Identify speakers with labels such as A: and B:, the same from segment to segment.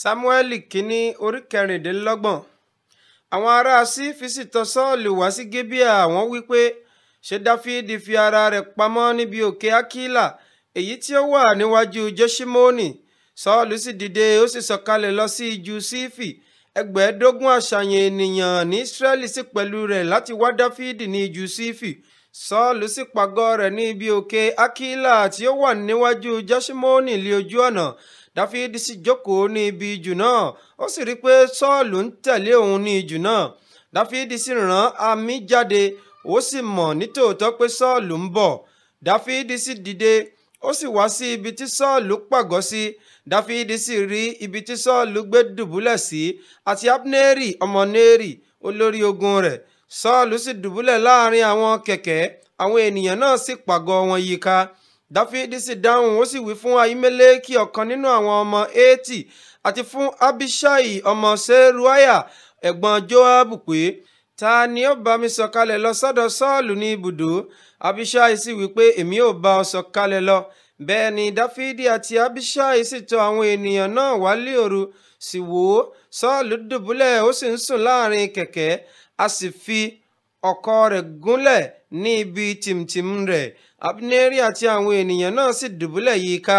A: sámúẹ́lì kínní orí kẹrìndínlọ́gbọ̀n àwọn ará sífì sì tọ̀ sọ́ọ̀lù wá sí gébíà wọ́n wí pé ṣé dáfídì fi ara rẹ̀ pamọ́ níbi òkè ákílà èyí tí ó wà níwájú jésímónì sọ́ọ̀lù sì dìde ó sì sọ̀kalẹ̀ lọ sí ijù sífì ẹgbẹ̀ẹ́dógún àṣàyàn ènìyàn ní ísírẹ́lì sì pẹ̀lú rẹ̀ láti wá dáfídì ní ijù sífì sọ́ọ̀lù sì pàgọ́ rẹ̀ ní ibi òkè ákílà tí ó wà níwájú jésímónì lé ojú ọ̀nà dáfídì sì jókòó ní ibi ijù náà ó sì rí i pé sọ́ọ̀lù ń tẹ̀lé òun ní ijù náà dáfídì sì rán amí jáde ó sì mọ̀ nítòótọ́ pé sọ́ọ̀lù ń bọ̀ dáfídì sì dìde ó sì wá sí ibi tí sọ́ọ̀lù pàgọ́ sí dáfídì sì rí ibi tí sọ́ọ̀lù gbé dùbúlẹ̀ sí àti abneri ọmọ neri olórí ogun rẹ̀ sọ́ọ̀lù sì dùbúlẹ̀ láàrin àwọn kẹ̀kẹ́ àwọn ènìyàn náà sì pàgọ́ wọn yíká dáfídì sì dáhùn ó sì wí fún ahimeleki ọ̀kan nínú àwọn ọmọ eti àti fún abishai ọmọ seruaya ẹ̀gbọ́n joabu pé ta ni ó bá mi sọ̀kalẹ̀ lọ sọ́dọ̀ sọ́ọ̀lù ní ibùdó abishai sì wí pé èmi ò bá ọ sọ̀kalẹ̀ lọ bẹ́ẹ̀ ni dáfídì àti abishai sì tọ̀ àwọn ènìyàn náà wálé òru sì wò ó sọ́ọ̀lù dùbúlẹ̀ ó sì ń sùn láàrin kẹ̀kẹ́ a sì fi ọkọ̀ rẹ̀ gúnlẹ̀ ní ibi tìmtìm rẹ̀ Abineri àti àwọn ènìyàn náà sì dùbúlẹ̀ yíká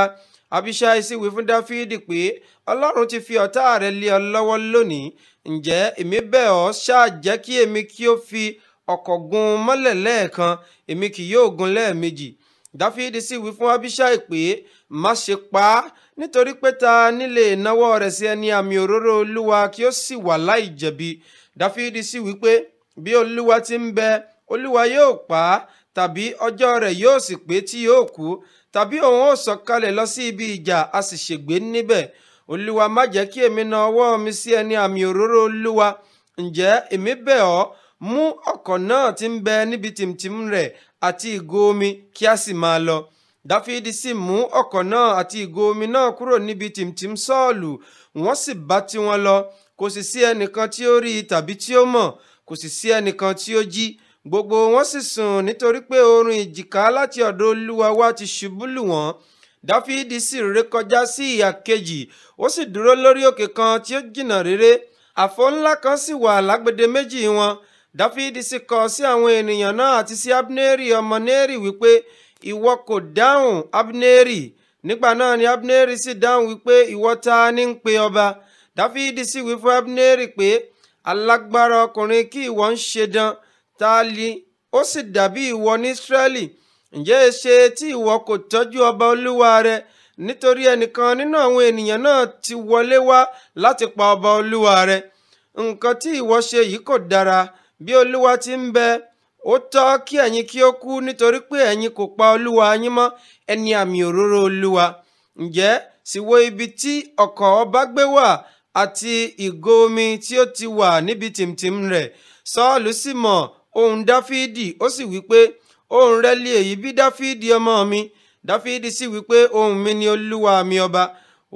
A: Abiṣai sì wí fún Dáfídì pé Ọlọ́run ti fi ọ̀tá rẹ̀ lé ọ lọ́wọ́ lónìí ǹjẹ́ èmi bẹ̀ ọ́ ṣáà jẹ́ kí èmi kí ó fi ọ̀kọ̀ gun mọ́lẹ̀ lẹ́ẹ̀kan èmi kì yóò gun lẹ́ẹ̀mejì Dáfídì sì wí fún Abiṣai pé má ṣe pa á nítorí pé ta nílé ìnáwó rẹ̀ sí ẹni àmì òróró Olúwa kí ó sì wà láì jẹ̀bi Dáfídì sì wí pé bí olúwa ti ń bẹ olúwa yóò pa á tàbí ọjọ́ rẹ̀ yóò sì pé tí yóò kú tàbí òun ó sọ̀kalẹ̀ lọ sí ibi ìjà a sì ṣègbé níbẹ̀ olúwa má jẹ́ kí èmi na ọwọ́ mi sí ẹni àmì òróró olúwa ǹjẹ́ èmi bẹ̀ ọ́ mú ọkọ̀ náà tí ń bẹ níbi tìmtìm rẹ̀ àti ìgò omi kí a sì máa lọ dáfídì sì mú ọkọ̀ náà àti ìgò omi náà kúrò níbi tìmtìm sọ́ọ̀lù wọ́n sì bá tiwọn lọ kò sì sí ẹnìkan tí ó rí i tàbí tí ó mọ̀ kò sì sí ẹnìkan tí ó jí gbogbo wọn sì sùn nítorí pé oorun ìjìká láti ọ̀dọ̀ olúwa wá ti ṣubú lù wọ́n dáfídì sì rékọjá sí ìhà kejì ó sì dúró lórí òkè kan tí ó jìnnà réré àfo ńlá kan sì wà lágbede méjì wọn dáfídì sì kọ sí àwọn ènìyàn náà àti sí abneri ọmọ neri wípé ìwọ kò dáhùn abneri nígbà náà ni abneri sì dáhùn wípé ìwọ ta ni ń pe ọba dáfídì sì wí fún abneri pé alágbára ọkùnrin kí ìwọ ń ṣe dán táálí ó sì dàbí ìwọ ní Ísírẹ́lì ǹjẹ́ ẹ e ṣe tí ìwọ kò tọ́jú ọba olúwa rẹ nítorí ẹnìkan nínú àwọn ènìyàn náà ti wọlé wá láti pa ọba olúwa rẹ nǹkan tí ìwọ ṣe yìí kò dára bí olúwa ti ń bẹ ó tọ́ kí ẹ̀yin kí ó kú nítorí pé ẹ̀yin kò pa olúwa yín mọ́ ẹni àmì òróró olúwa ǹjẹ́ sì wo ibi tí ọkọ̀ ọba gbé wà àti ìgò omi tí ó ti wà níbi tìmtìm rẹ̀ sọ́ọ̀lù sì mọ̀ ohùn dáfídì ó sì wípé ohùn rẹ̀ èyí bí dáfídì ọmọ mi dáfídì sì wípé ohùn mi ni olúwa mi ọba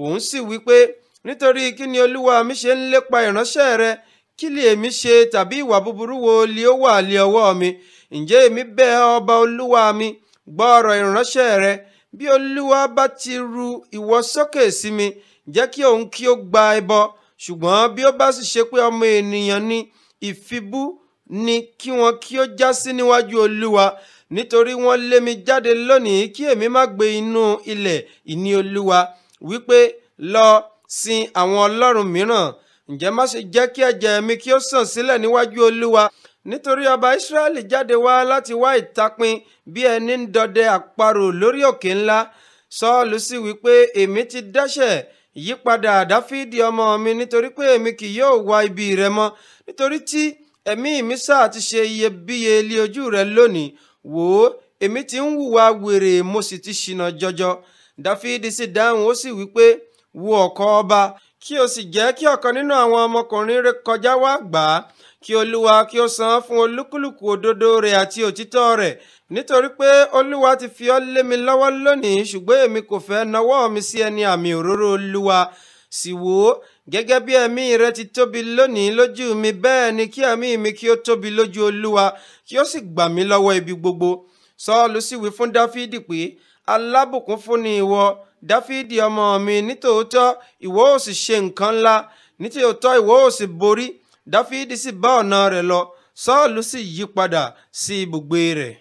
A: òun sì wípé nítorí kí ni olúwa mi ṣe ń lépa ìránṣẹ́ rẹ̀ kí lè mi ṣe tàbí ìwà búburú wo lè ó wà lé ọwọ́ mi ǹjẹ́ èmi bẹ̀ ọba olúwa mi gbọ́ ọ̀rọ̀ ìránṣẹ́ rẹ̀ bí olúwa bá ti ru ìwọ sókè sí mi jẹ́ kí òun kí ó gba ẹbọ ṣùgbọ́n bí ó bá sì ṣe pé ọmọ ènìyàn ni ìfibú ni kí wọn kí ó já sí níwájú olúwa nítorí wọ́n lé mi jáde lónìí kí èmi má gbé inú ilẹ̀ ìní olúwa wípé lọ sin àwọn ọlọ́run mìíràn ǹjẹ́ má ṣe jẹ́ kí ẹ̀jẹ̀ mi kí ó sàn sílẹ̀ níwájú olúwa nítorí ọba Ísírẹ́lì jáde wá láti wá ìtapin bí ẹni ń dọdẹ àparò lórí òkè ńlá Sọ́ọ̀lù sì wípé èmi ti dẹ́ṣẹ̀ yípadà Dáfídì ọmọ mi nítorí pé èmi kì yóò wá ibi rẹ mọ́ nítorí tí ẹ̀mí mi sáà ti ṣe iyebíye ilé ojú rẹ lónìí wò ó èmi ti ń hùwà wèrè mo sì ti ṣìnà jọjọ Dáfídì sì dáhùn ó sì wípé wo ọ̀kọ̀ ọba kí o sì jẹ́ kí ọ̀kan nínú àwọn ọmọkùnrin rẹ kọjá wá gbà á kí olúwa kí ó san án fún olúkúlùkù òdodo rẹ̀ àti òtítọ́ rẹ̀ nítorí pé olúwa ti fi ọ́ lé mi lọ́wọ́ lónìí ṣùgbọ́n èmi kò fẹ́ nawọ́ mi sí ẹni àmì òróró olúwa sì wò ó gẹ́gẹ́ bí ẹ̀mí rẹ ti tóbi lónìí lójú mi bẹ́ẹ̀ ni kí ẹ̀mí mi kí ó tóbi lójú olúwa kí ó sì gbà mí lọ́wọ́ ibi gbogbo sọ́ọ́lù sì wí fún dáfídì pé alábùkún fún ni ìwọ dáfídì ọmọ mi nítòótọ́ ìwọ ó sì ṣe nǹkan ńlá nítòótọ́ ìwọ ó sì borí dáfídì sì bá ọ̀nà rẹ̀ lọ sọ́ọ̀lù sì yí padà sí ibùgbé rẹ̀.